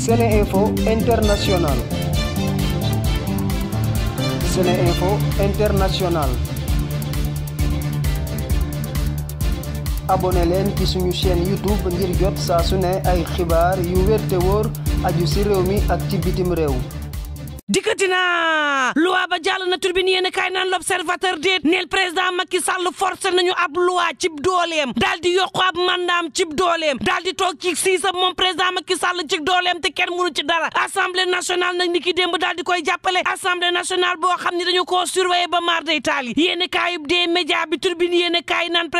Sene Info International Sene leen ci sunu chaîne YouTube ngir jot saa su ne ay xibaar yu wér te wóor aju ci réew mi ak ci bitim réew dikkati naa ba Diallo na turbine yéen a kaay naan l'observateur déet neel président Macky Sall forcé nañu ab loi cib dooleem daal di yokku ab mandaam cib dooleem daal di toog ci siisam moom président Macky Sall cib dooleem te kenn mënu ci dara assemblée nationale nag ni ki démb daal di koy jàppale assemblée nationale bo xam ne dañu koo surveiller ba maar day taal yi yéen a kaayub dee bi turbine yéen a kaay naan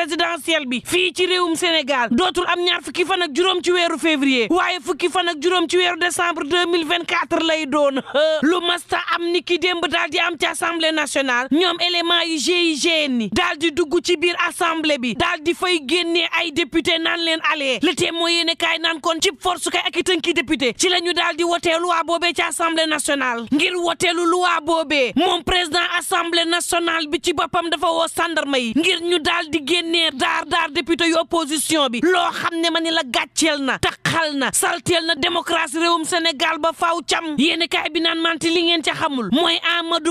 bi fii ci réewum Sénégal dootul am ñaar fukki fan ak juróom ci weeru février waaye fukki fan ak juróom ci weeru décembre 2024 lay doon lu masta am ni ki démb daal di ji am ci assemblée nationale ñoom élément yi GIGN ni daal di dugg ci biir assemblée bi daal fay génnee ay député naan leen alee le témoin mooy yéene kaay naan kon ci force kay ak i tënki député ci la ñu daal di wotee loi boobee ci assemblée nationale ngir woteelu loi boobee moom président assemblée nationale bi ci boppam dafa woo sandarma yi ngir ñu daal di génnee daar daar député yu opposition bi loo xam ne ma ni la gàcceel na taxal na salteel na démocratie réewum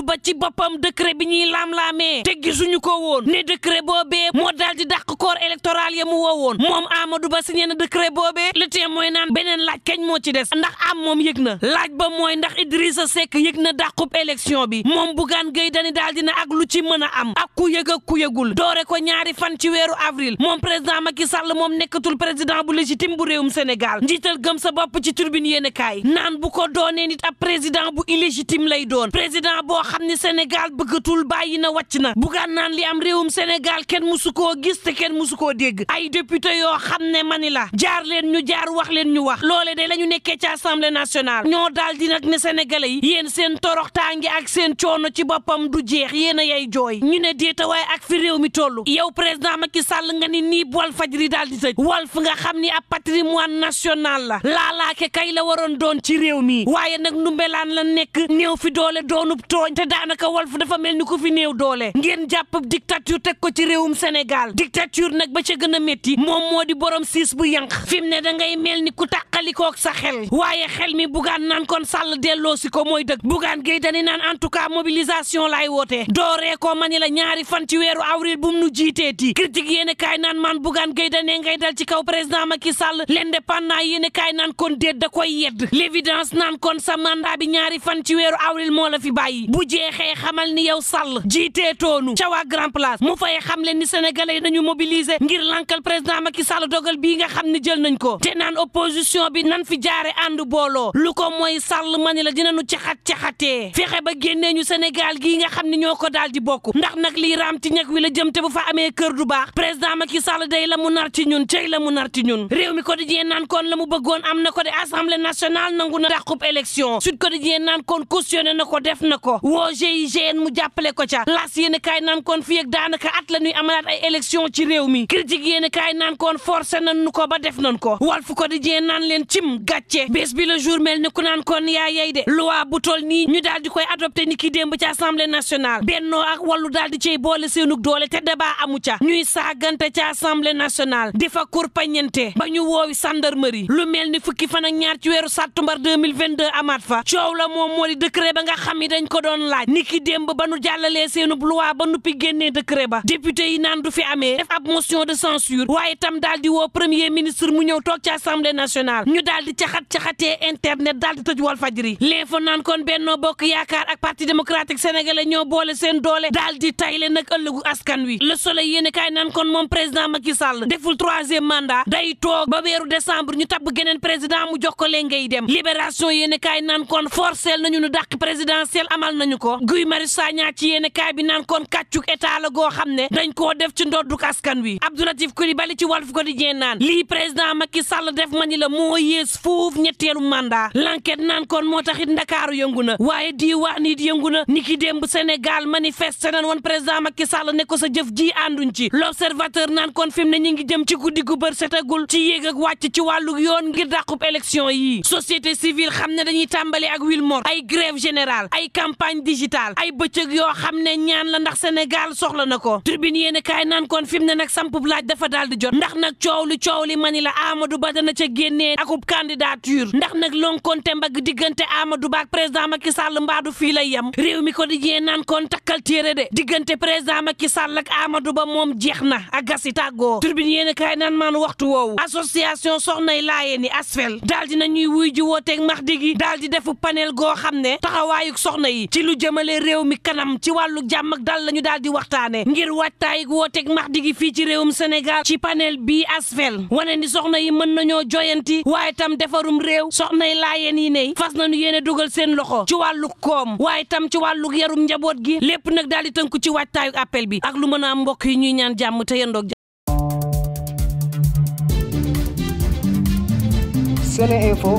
Amadou Ba ci boppam décret bi ñuy laam-laamee te gisuñu ko woon ne décret boobee moo daal di dàq corps électoral ya mu wo woowoon moom Amadou Ba signé na décret boobee mooy naan beneen laaj kañ moo ci des ndax am moom yëg na laaj ba mooy ndax Idrissa sek yëg na dàqub élection bi moom Bougane Gueye Dany daal dina ak lu ci mën a am ak ku yëg ak yëgul doore ko ñaari fan ci weeru avril moom président Macky Sall moom nekkatul président bu légitime bu réewum Sénégal njiital gëm sa bopp ci turbine yéen a kaay naan bu ko doonee nit ab président bu illégitime lay doon président xam ni ne Sénégal bëggatul bàyyi na wàcc na bugaan naan li am réewum Sénégal kenn musu koo gis te kenn musu koo dégg ay député yoo xam ne mani la jaar leen ñu jaar wax leen ñu wax loole de la ñu nekkee ci assemblée nationale ñoo daal di nag ne sénégalais yi yéen seen toroxtaange ak seen coono ci boppam du jeex yéen a yay jooy ñu ne waaye ak fi réew mi toll yow président Macky Sall nga ni nii Walf Fadjri daal di tëj Walf nga xam ni ab patrimoine national la laalaake kay la waroon doon ci réew mi waaye nag ndumbelaan la nekk néew fi doole doonub tooñ te daanaka Walf dafa mel ni ku fi néew doole ngeen jàpp dictature teg ko ci réewum Sénégal dictature nag ba ca gën a métti moom moo di borom siis bu yanq fi mu ne da ngay mel ni ku tàqalikook sa xel waaye xel mi bugaan naan kon sàll delloo si ko mooy dëgg bugaan géy dani naan en tout cas mobilisation laay wootee dooree ko ma ni la ñaari fan ci weeru avril bu mu nu jiiteeti critique yéen kaay naan man bugaan géy dane ngay dal ci kaw président Macky Sall l'indépendant yéen kaay naan kon déet da koy yedd l'évidence naan kon sa mandat bi ñaari fan ci weeru avril moo la fi bàyyi jeexee xamal ni yow Sall jiitee toonu ca waa grand place mu fay xam leen ni sénégalais yi nañu mobiliser ngir lankal président Macky Sall dogal bii nga xam ni jël nañ ko te naan opposition bi nan fi jaare ànd booloo lu ko mooy Sall ma ni la dinañu caxat caxatee fexe ba génnee ñu Sénégal gii nga xam ni ñoo ko daal di bokk ndax nag lii raam ci ñeg wi la jëm te bu fa amee kër du baax président Macky Sall day la mu nar ci ñun tey la mu nar ci ñun réew mi quotidien naan kon la mu bëggoon am na ko de assemblée nationale nangu na dàqub élection Sud quotidien naan kon cautionné na ko def na ko woo GIGN mu jàppale ko ca las yéen a kaay naan kon fii ak daanaka at la ñuy amalaat ay élection ci réew mi critique yéen a kaay naan kon forcé nan nu ko ba def nan ko Walf Quotidien naan leen cim gàcce bés bi le jour mel ni ku naan kon yaa yey de loi bu tol nii ñu daal di koy adopté ni ki démb ci assemblée nationale bennoo ak wallu daal di cey boole seenug doole te débat amu ca ñuy saagante ca assemblée nationale di fa kurpañente ba ñu woowi gendarmerie lu mel ni fukki fan ak ñaar ci weeru sàttumbar 2022 amaat fa coow la moom moo di décret ba nga xam ni dañ ko doon laaj niki démb ba nu jàllalee seenub loi ba nuppi génnee décret ba député yi naan du fi amee ab motion de censure waaye tam daal di premier ministre mu ñëw toog ci assemblée nationale ñu daal di caxat caxatee internet daal di tëj wal fajri l'info naan kon bennoo bokk yaakaar ak parti démocratique sénégalais ñoo boole seen doole daal tayle nag ëllëgu askan wi le soleil yéen kaay naan kon moom président Macky deful troisième mu jox leen ngay dem libération ko Guy Marius Sagna ci yéene kaay bi naan kon kàccuk état la goo xam ne dañ koo def ci ndodduk askan wi Abdou Latif Coulibaly ci Walf Quotidien naan lii président Macky Sall def ma ni la moo yées fuuf ñetteelu mandat l'enquête naan kon moo taxit ndakaaru yëngu na waaye diiwaan it yëngu na ni ki démb Sénégal manifesté nan woon président Macky Sall ne ko sa jëf ji ànduñ ci l'observateur naan kon fi na ne ñu ngi jëm ci guddi gu bër setagul ci yéeg ak wàcc ci wàllu yoon ngir dàqub élection yi société civile xam ne dañuy tàmbali ak Wilmore ay grève générale ay campagne campagne digitale ay bëccëg yoo xam ne ñaan la ndax Sénégal soxla na ko turbine yéen kaay naan kon fi mu ne nag samp laaj dafa daal di jot ndax nag coow li coow li mani la Amadou Ba dana ca génnee akub candidature ndax nag te mbagg diggante Amadou Ba ak président Macky Sall mbaadu fii lay yem réew mi ko di yéen naan kon takkal téere de diggante président Macky Sall ak Amadou Ba moom jeex na ak gasi tàggoo turbine yéen kaay naan maan waxtu woowu association soxnay laayeen yi asfel daal di nañuy wuy ji wooteeg max digi daal di defu panel goo xam ne lu jëmalee réew mi kanam ci wàllu jàmm ak dal la ñu daal di waxtaane ngir waajtaay wooteeg Mahdi gi fii ci réewum Sénégal ci panel bii asfel wane ni soxna yi mën nañoo joyanti waaye tam defarum réew soxna yi laayeen yi ney fas nañu yéene dugal seen loxo ci wàllu koom waaye tam ci wàllu yarum njaboot gi lépp nag daal di tënku ci waajtaayu appel bi ak lu mën a mbokk yi ñuy ñaan jàmm te yendoog Sénéinfo